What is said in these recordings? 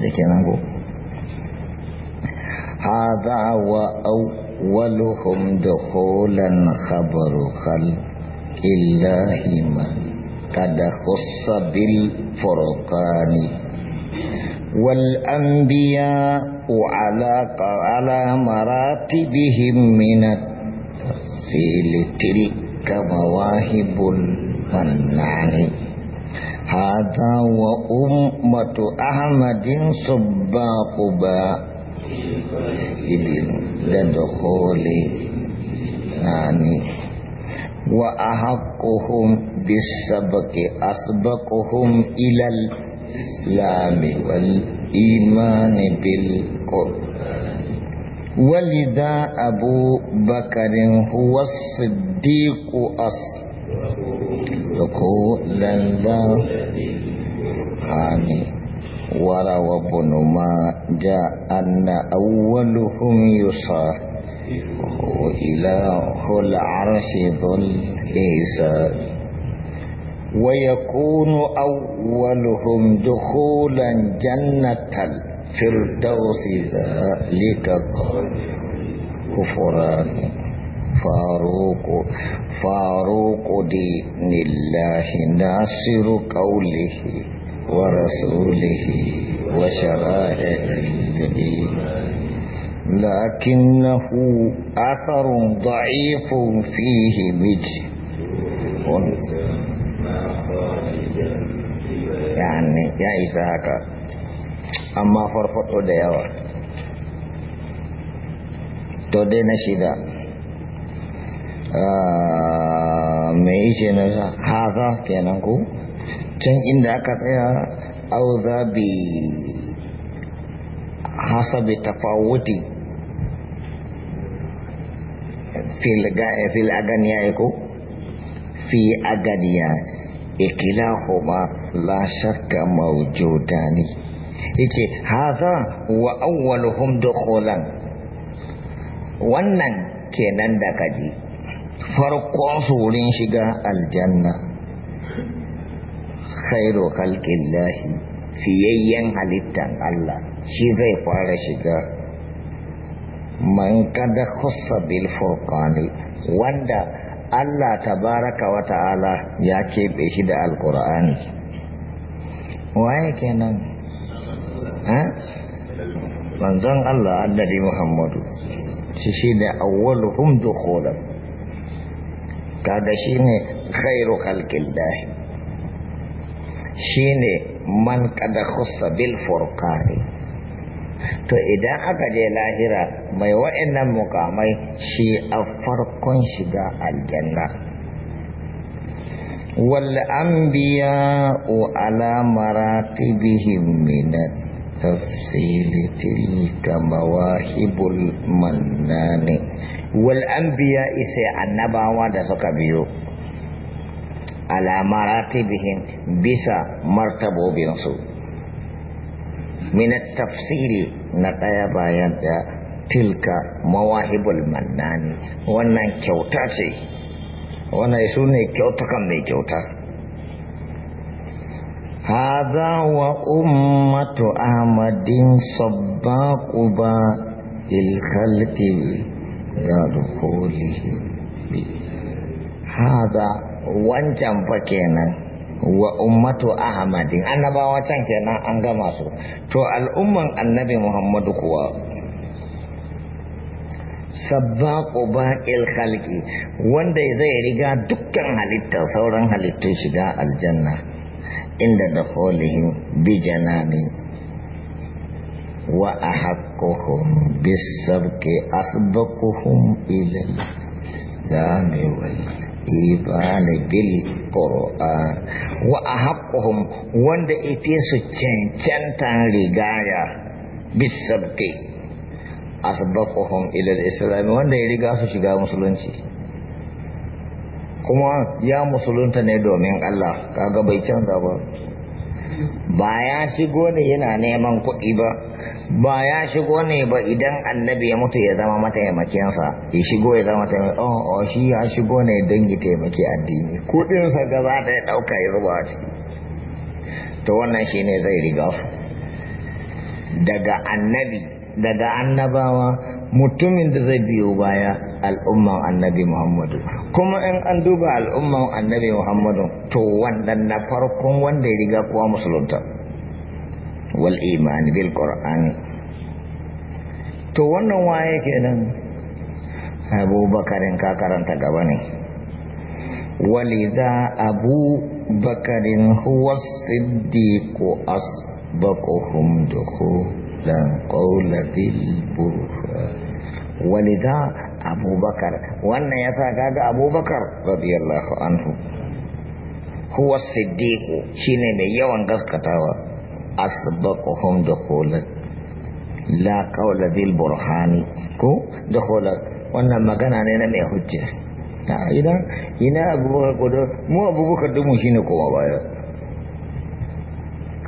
لكن نقول هذا وأولهم دخولا خبر خلق الله من قد خص بالفرقان والأنبياء على على مراتبهم من التفصيل تلك مواهب المنان hadha wa ummatu ahmadin subbaquba ibin dan dukhuli nani wa ahakuhum bisabaki asbakuhum ilal lami wal imani bil qur walida abu bakarin huwa siddiqu asbaku دخولا عن وروى ابن ماجه أن أولهم يصار إله العرش ذو الإيسان ويكون أولهم دخولا جنة الفردوس ذلك كفران فاروق فاروق دين الله ناصر قوله ورسوله وشرائعه لكنه أثر ضعيف فيه مجد يعني يا إسحاق أما فرفض ديوان to dai na shida Ah, mai yake na sa haza kenan ku can inda aka tsaya auza bi hasabi tafawuti fil eh, aganiya ya ku fi aganiya homa la shakka mawjudani yake haza wa awwaluhum kholan wannan kenan da kaji farkon wurin shiga aljanna khairu khalqillahi fiyayyen halittan Allah shi zai fara shiga man kada khussa bil furqani wanda Allah tabaraka wa ta'ala ya keɓe shi da alqur'ani waye kenan ha manzon Allah annabi Muhammadu shi shi da awwaluhum dukhulan kaga shine khairu shi shine man kada khussa bil furqani to idan aka je lahira mai wa'annan mukamai shi a farkon shiga aljanna wal anbiya ala maratibihim min tafsili tilka mawahibul mannani wal anbiya isa annabawa da suka biyo alamaratibihin bisa martabobinsu min tafsiri na ɗaya bayan da tilka mawahibul mannani wannan kyauta ce wannan su ne kyautakan mai kyauta ummatu ahmadin أحمد ba للخلق yadkhuluhu bi hada wancan fa kenan wa ummatu ahmadin annabawa can kenan an gama su to al'umman annabi muhammadu kuwa sabbaqu baqil khalqi wanda zai riga dukkan halitta sauran halittu shiga aljanna inda da bi bijanani wa ahaqquhum bisabqi asbaquhum ila jami wal iban bil qur'an wa ahakkuhum wanda ite su cancantan rigaya bisabqi asbaquhum ila islam wanda ya riga su shiga musulunci kuma ya musulunta ne domin Allah kaga bai canza ba ba ya shigo ne yana neman kuɗi ba ba ya shigo ne ba idan annabi ya mutu ya zama mataimakinsa ya shigo ya zama mataimakin oh oh shi ya shigo ne don ya taimaki addini kuɗinsa ga za ta ya ɗauka ya zuba a ciki to wannan shi ne zai riga daga annabi daga annabawa mutumin da zai biyo baya al'umman annabi Muhammadu kuma in an duba al'umman annabi Muhammadu to wannan na farkon wanda ya riga kuwa musulunta wal iman bil qur'an to wannan waye kenan abubakarin ka karanta gaba ne walida abu bakarin huwa siddiqu asbaquhum dukhulan qawla burr walida abubakar wannan ya sa kaga abubakar radiyallahu anhu huwa siddiqu shine mai yawan gaskatawa asbaquhum dukhulan la qawla dhil burhani ko dukhulan wannan magana ne na mai hujja ina ina abubakar ko mu abubakar dumu shine kuma baya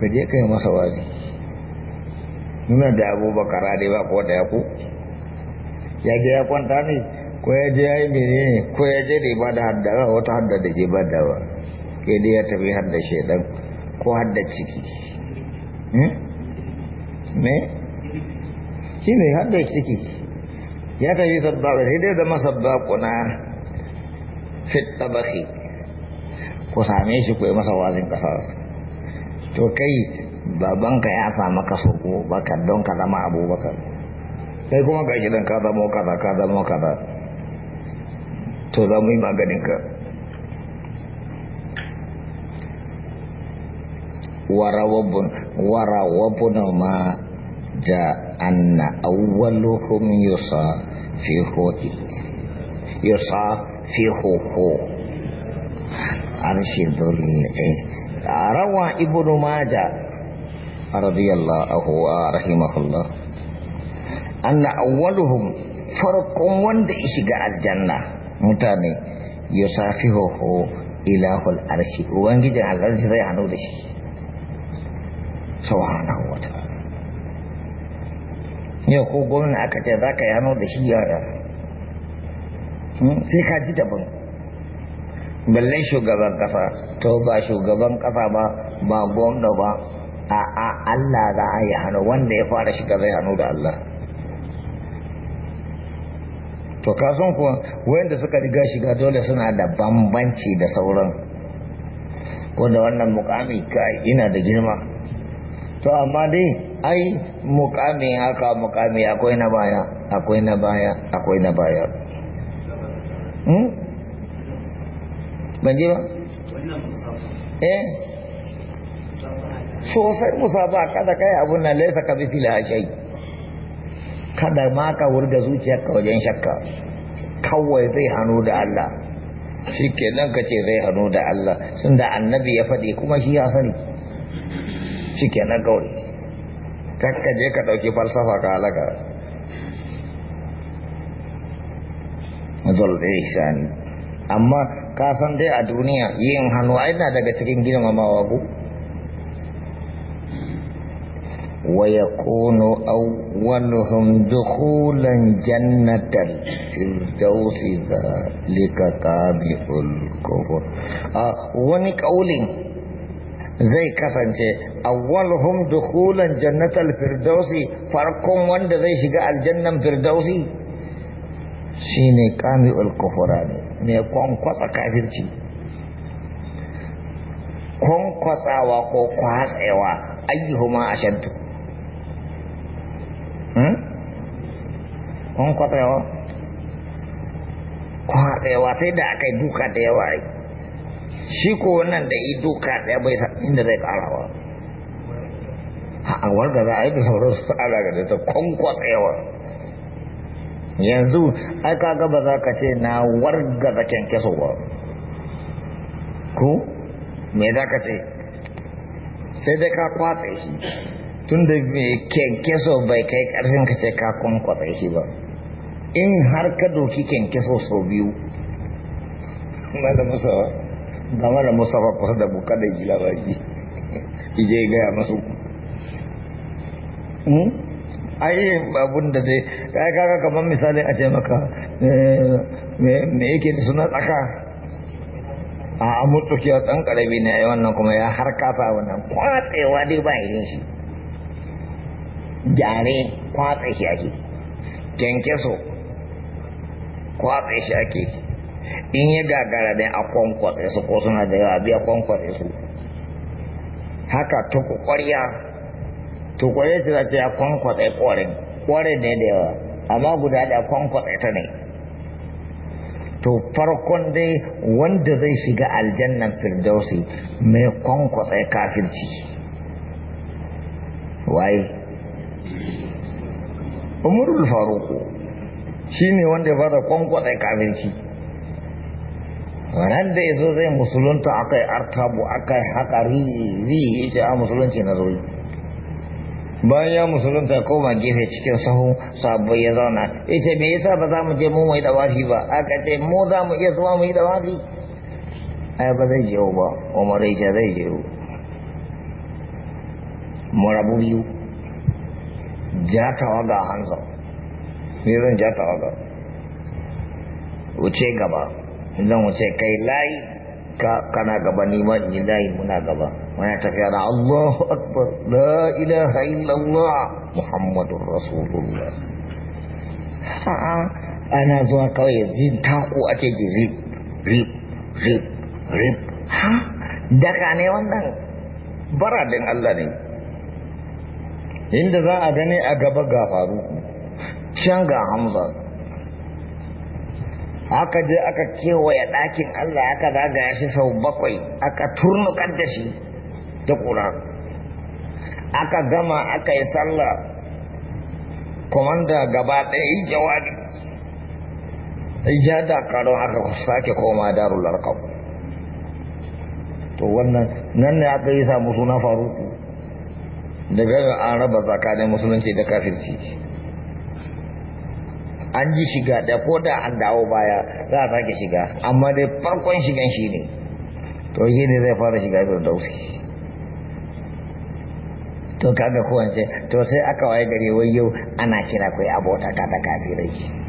kaje kai masa wazi nuna da abubakar dai ba ko da ya ku ya je ya kwanta ne ko ya je ya yi ne ko ya je da ba da haddawa wata hadda da je ba da ba ke da ya tafi hadda shaidan ko hadda ciki ne hmm? shi ne hadda ciki ya tafi sabbaku sai dai zama sabbaku na ba ke ku same shi ku yi masa wazin kasar to kai babanka ya sami kaso ko baka don ka zama abubakar kai kuma ga shidan ka zama kaza ka zama kaza to za mu yi maganinka warawabun ma ja anna awwaluhum yusa fi hoti yusa fi hoho arshin dole rawa ibnu maja radiyallahu anhu wa rahimahullah anna awwaluhum farkon wanda ya shiga aljanna mutane yusafihu ilahul arshi wangida al'arshi zai hannu da shi subhanahu wa ta'ala ne ko gwamnati aka ce za ka yi hannu da shi yara hmm? sai ka ji daban balle shugaban kafa to ba shugaban kafa ba ba gwamnati ba a Allah za a yi hannu wanda ya fara shiga zai hannu da Allah to san kuwa wanda suka riga shiga dole suna da bambanci da sauran wanda wannan mukami kai ina da girma to amma dai ai mukami haka mukami akwai na baya akwai na baya akwai na baya hmm? ban ji ba? eh sosai musaba kada kai abun nan laisa ka bi fila shai kada ma ka wurga zuciyarka wajen shakka kawai zai hannu da Allah shi ke nan ka ce zai hannu da Allah sun da annabi ya faɗi kuma shi ya sani shi ke nan kawai takka je ka ɗauki falsafa ka halaka zol ɗaya shani amma ka san dai a duniya yin hannu a daga cikin mamawa ku ويكون أولهم دخولا جنة الفردوس ذلك تابع الكفر آه ونك أولين zai kasance awwalhum dukhulan jannatal firdausi farkon wanda zai shiga aljannan firdausi shine kami'ul kufrani ne kwankwasa kafirci kwankwatsawa ko kwatsewa ayyuhuma ashaddu kun kwatsewa kwatsewa sai da aka yi duka da yawa yi shi ko wannan da yi duka ɗaya bai san inda zai ƙarawa a warga za a yi da sauran su ala ga da kun kwatsewa yanzu ai ka gaba za ka ce na warga za kyankyaso ba ko me za ka ce sai dai ka kwatse shi tun da kyankyaso bai kai ƙarfin ka ce ka kwankwasa shi ba in har ka doki kyankyaso sau biyu malamu sawa ga malamu sawa kusa da buka da gila ba ji ije gaya masu hmm? ai abun da dai kai kaga kamar misali a ce maka eh, me yake da suna tsaka a amurtukiya ɗan ƙarami ne a wannan kuma ya har kasa wannan kwatsewa dai ba irin shi gyare kwatsa shi ake kyankyaso kwatsa shi ake in ya gagara dai a kwankwatsa su ko suna da yawa biya kwankwatsa su haka tuku ƙwarya tukwariya ce za ce ya kwankwatsa kwarin kwarin ne da yawa amma guda da kwankwatsa ta ne to farkon dai wanda zai shiga aljannan firdausi mai kwankwatsa kafirci waye umarul faruku shi ne wanda ya fara kwankwaɗa kafirci ran da ya zo zai musulunta aka yi artabu aka yi riri rihi ce a musulunci na zoyi bayan ya musulunta koma gefe cikin sahu sabo ya zauna ya ce me yasa ba za mu je mu mai dawafi ba aka ce mu za mu iya zuwa mu yi dawafi ai ba zai je ba umar ya zai je mu rabu biyu ja tawaga a hanzo ne zan ja tawaga wuce gaba zan wuce kai layi kana gaba neman ilahi muna gaba Wani tafiya na Allahu akbar la ilaha illallah Muhammadur Rasulullah ana zuwa kawai yanzu taku ake ji rip rip rip rip ha daga ne wannan baradin Allah ne inda za a gane a gaba ga faru can ga hamza aka je aka kewaye ɗakin Allah aka ya shi sau bakwai aka turnu da shi ta ƙura aka gama aka yi sallah komanda gaba ɗaya yi jawabi ijada karon aka sake koma darular kawo to wannan nan ne aka yi samu suna faru da gara an raba tsakanin musulunci da kafirci an ji shiga da ko da an dawo baya za a sake shiga amma dai farkon shigan shi ne to shi ne zai fara shiga da dausi to kaga kowance to sai aka waye gare wai yau ana kira kai abota ta da kafirai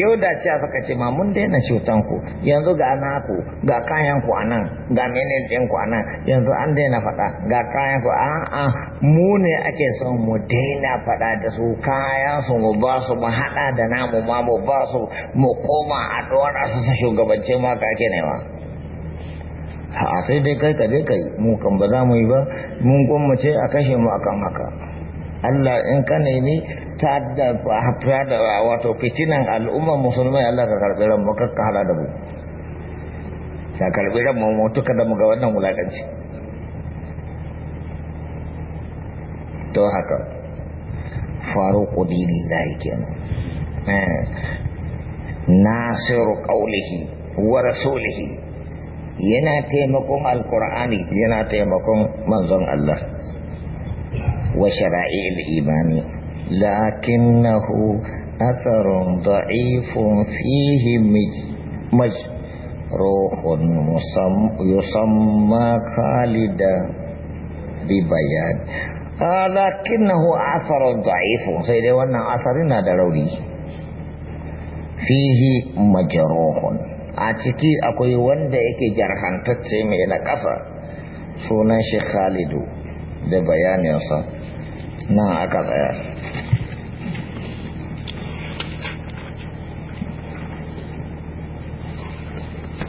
yau da ce suka ce ma mun daina cutan ku yanzu ga naku ga kayan ku anan ga menen din ku anan yanzu an daina faɗa ga kayan ku a a mu ne ake son mu daina faɗa da su kayan su mu ba su mu haɗa da namu ma mu ba su mu koma a ɗora su su shugabance ma ka ake nema a sai dai kai ka dai kai mu kan ba za mu yi ba mun gwammace a kashe mu akan haka Allah in ka nemi ta da hafiya da wato fitinan al'ummar musulmai Allah ka karɓi ran ka kara da mu ka karɓi ran mu mutuka da mu ga wannan wulaƙanci to haka faruku dinillahi kenan eh. nasiru ƙaulihi wa rasulihi yana taimakon alqur'ani yana taimakon manzon Allah وشرائع الإيمان لكنه أثر ضعيف فيه مجروح يسمى خالدا ببيان آه لكنه أثر ضعيف سيدي وانا أثرنا دروري فيه مجروح أتكي أكوي وان دا إكي جرحان تتسمي إلى قصر سونا شيخ خالدو da sa nan aka tsaya